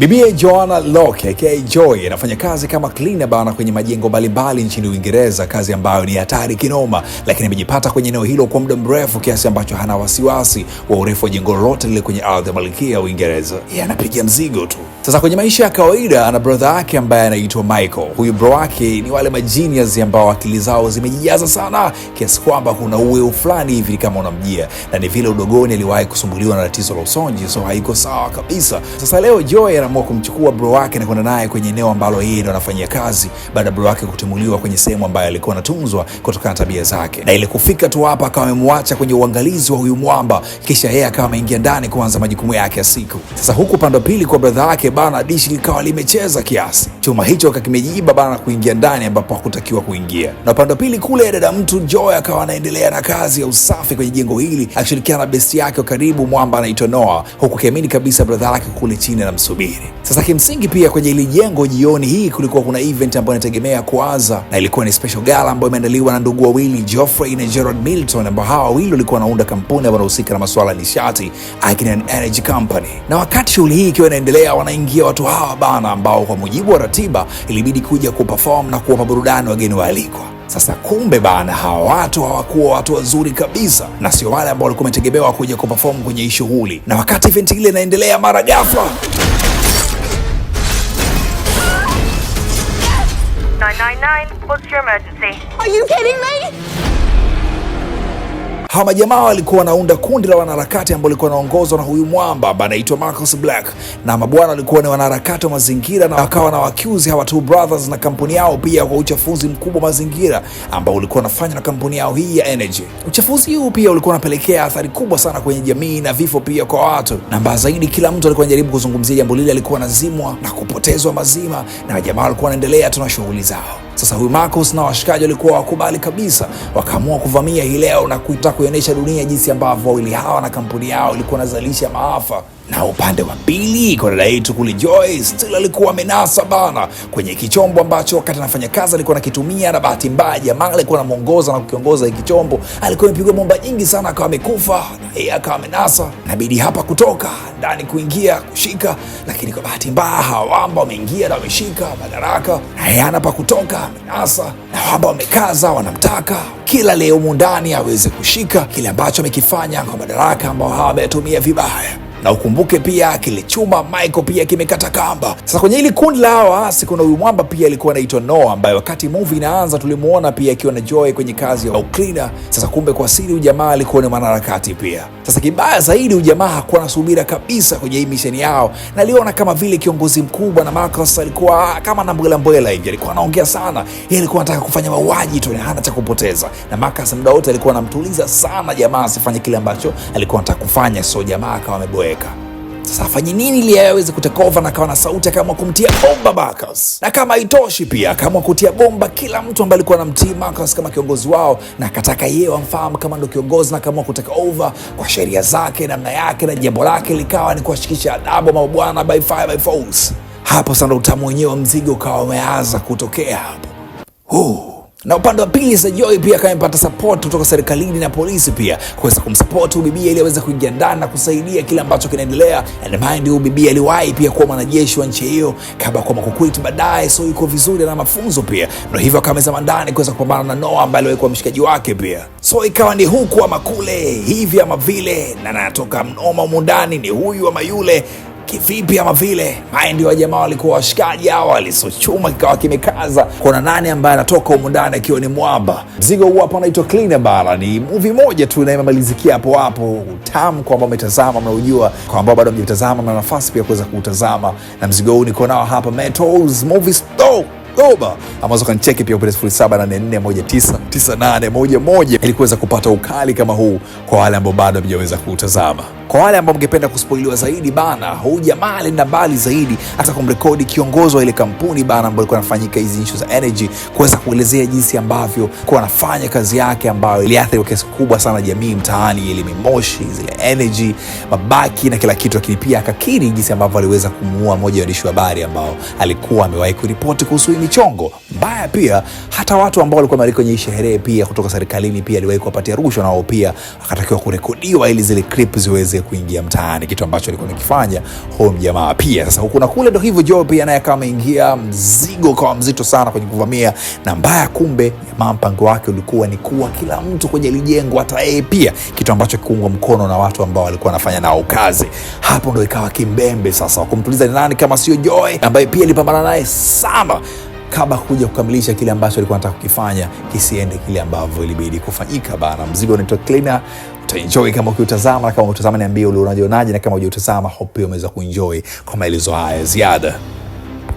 Bibiye Joanna Locke aka Joy anafanya kazi kama cleaner bana kwenye majengo mbalimbali nchini Uingereza, kazi ambayo ni hatari kinoma, lakini amejipata kwenye eneo hilo kwa muda mrefu kiasi ambacho hana wasiwasi wa urefu wa jengo lolote lile kwenye ardhi ya malkia ya Uingereza. Yeye anapiga mzigo tu. Sasa kwenye maisha ya kawaida ana brodha yake ambaye anaitwa Michael. Huyu bro wake ni wale majinias ambao akili zao zimejijaza sana kiasi kwamba kuna uweu fulani hivi kama unamjia, na ni vile udogoni aliwahi kusumbuliwa na tatizo la usonji, so haiko sawa kabisa. Sasa leo Joy anaamua kumchukua bro wake na kwenda naye kwenye eneo ambalo yeye ndo anafanyia kazi baada ya bro wake kutimuliwa kwenye sehemu ambayo alikuwa anatunzwa kutokana na tabia zake, na ile kufika tu hapa akawa amemwacha kwenye uangalizi wa huyu mwamba, kisha yeye akawa ameingia ndani kuanza majukumu yake ya siku. Sasa huku upande wa pili kwa brodha yake yake bana dishi likawa limecheza kiasi, chuma hicho kakimejiiba bana kuingia ndani ambapo hakutakiwa kuingia. Na upande wa pili kule, dada mtu Joy akawa anaendelea na kazi ya usafi kwenye jengo hili akishirikiana na besti yake wa karibu mwamba anaitwa Noah, huku kiamini kabisa bradha yake kule chini anamsubiri. Sasa kimsingi pia kwenye hili jengo jioni hii kulikuwa kuna event ambayo inategemea kuanza na ilikuwa ni special gala ambayo imeandaliwa na ndugu wawili Geoffrey na Gerard Milton, ambao hawa wawili walikuwa wanaunda kampuni ambayo inahusika na masuala ya nishati, Akinan Energy Company. Na wakati shughuli hii ikiwa inaendelea wana kuwaingia watu hawa bana, ambao kwa mujibu wa ratiba ilibidi kuja kuperform na kuwapa burudani wageni waalikwa. Sasa kumbe bana, hawa watu hawakuwa watu wazuri kabisa, na sio wale ambao walikuwa wametegemewa kuja kuperform kwenye shughuli. Na wakati event ile inaendelea, mara ghafla Hawa majamaa walikuwa wanaunda kundi la wanaharakati ambao walikuwa wanaongozwa na huyu mwamba ambaye anaitwa Marcus Black, na mabwana walikuwa ni wanaharakati wa mazingira na wakawa na wakiuzi hawa Two Brothers na kampuni yao pia kwa uchafuzi mkubwa wa mazingira ambao ulikuwa unafanywa na kampuni yao hii ya Energy. Uchafuzi huu pia ulikuwa unapelekea athari kubwa sana kwenye jamii na vifo pia kwa watu, na mbaya zaidi, kila mtu alikuwa anajaribu kuzungumzia jambo lile, alikuwa anazimwa na kupotezwa mazima, na majamaa walikuwa wanaendelea tu na shughuli zao. Sasa huyu Marcus na washikaji walikuwa wakubali kabisa, wakaamua kuvamia hii leo na kuitaka kuionyesha dunia jinsi ambavyo wawili hawa na kampuni yao ilikuwa nazalisha maafa na upande wa pili kwa dada yetu kule Joy still alikuwa amenasa bana kwenye kichombo ambacho wakati anafanya kazi alikuwa anakitumia, na bahati mbaya jamaa alikuwa anamuongoza na kukiongoza hiki kichombo, alikuwa amepigwa bomba nyingi sana, akawa amekufa, na yeye akawa amenasa, inabidi hapa kutoka ndani kuingia kushika, lakini kwa bahati mbaya hawamba wameingia na wameshika madaraka, hayana pa kutoka, amenasa na wamba wamekaza, wanamtaka kila leo mundani aweze kushika kile ambacho amekifanya kwa madaraka ambao hawa wametumia vibaya na ukumbuke pia chuma Michael pia kimekata kamba. Sasa kwenye hili kundi la waasi kuna huyu mwamba pia alikuwa anaitwa Noah, ambaye wakati movie inaanza tulimuona pia akiwa na Joy kwenye kazi ya cleaner. Sasa kumbe kwa siri jamaa alikuwa ni mwanaharakati pia. Sasa kibaya zaidi ujamaa hakuwa na subira kabisa kwenye hii misheni yao, na aliona kama vile kiongozi mkubwa na Marcus alikuwa ah, kama na mbwela mbwela hivi, alikuwa anaongea sana, yeye alikuwa anataka kufanya mauaji tu, hana cha kupoteza, na Marcus muda wote alikuwa anamtuliza sana jamaa asifanye kile ambacho alikuwa anataka kufanya, so jamaa akawa ameboa kutoweka. Sasa afanye nini ili aweze kutake over na akawa na sauti, akaamua kumtia bomba Marcus. Na kama haitoshi pia akaamua kutia bomba kila mtu ambaye alikuwa anamtii Marcus kama kiongozi wao, na akataka yeye wamfahamu kama ndo kiongozi, na akaamua kuteka over kwa sheria zake, namna yake, na jambo lake likawa ni kuwashikisha adabu mabwana by fire by force. Hapo sasa ndo utamu wenyewe wa mzigo ukawa umeanza kutokea hapo na upande wa pili Sejoi pia kamepata support sapoti kutoka serikalini na polisi pia kuweza huyu bibi ili aweze kujiandaa na kusaidia kile ambacho kinaendelea. And Ubibia aliwahi pia kuwa mwanajeshi wa nchi hiyo kabla kwa kuquit baadaye, so yuko vizuri na mafunzo pia, ndo hivyo akamezama ndani kuweza kupambana na Noah ambaye alikuwa mshikaji wake pia. So ikawa ni huku ama kule hivi ama vile, na natoka mnoma umundani, ni huyu ama yule kivipi ama vile. Haya ndio wajamaa walikuwa washikaji hao, walisochuma kikawa kimekaza kuna nani ambaye anatoka humu ndani akiwa ni mwamba. Mzigo huu hapa unaitwa Clean Bara, ni muvi moja tu na imemalizikia hapo hapo. Utamu kwa ambao umetazama, mnaujua. Kwa ambao bado mjatazama, mna nafasi pia kuweza kuutazama, na mzigo huu niko nao hapa Metos Movie Store. Oktoba, ambazo kanicheki pia kupitia 0784419811 ili kuweza kupata ukali kama huu kwa wale ambao bado hawajaweza kuutazama. Kwa wale ambao mngependa kuspoiliwa zaidi bana, huyu jamaa alienda mbali zaidi hata kumrekodi kiongozi wa ile kampuni bana, ambayo ilikuwa inafanyika hizi issue za energy, kuweza kuelezea jinsi ambavyo kuwa anafanya kazi yake ambayo iliathiri kwa kiasi kubwa sana jamii mtaani, ile mimoshi, zile energy, mabaki na kila kitu, lakini pia akakiri jinsi ambavyo aliweza kumuua mmoja wa waandishi wa habari ambao alikuwa amewahi kuripoti kuhusu michongo mbaya. Pia hata watu ambao walikuwa wamealikwa kwenye sherehe pia kutoka serikalini pia aliwahi kuwapatia rushwa, nao pia akatakiwa kurekodiwa ili zile clip ziweze kuingia mtaani, kitu ambacho alikuwa nakifanya huyo mjamaa. Pia sasa huku na kule ndo hivyo, Job pia naye akawa ameingia, mzigo ukawa mzito sana kwenye kuvamia na mbaya. Kumbe jamaa mpango wake ulikuwa ni kuwa kila mtu kwenye lijengo, hata yeye pia, kitu ambacho kiungwa mkono na watu ambao walikuwa wanafanya nao kazi. Hapo ndo ikawa kimbembe sasa, wakumtuliza ni nani kama sio Joy ambaye pia alipambana naye sana kabla kuja kukamilisha kile ambacho alikuwa anataka kukifanya kisiende kile ambavyo ilibidi kufanyika bana. Mzigo unaitwa Cleaner, utaenjoy kama ukiutazama, na kama utazama niambie ulionaje, na kama hujautazama hope umeweza kuenjoy kwa maelezo haya ziada.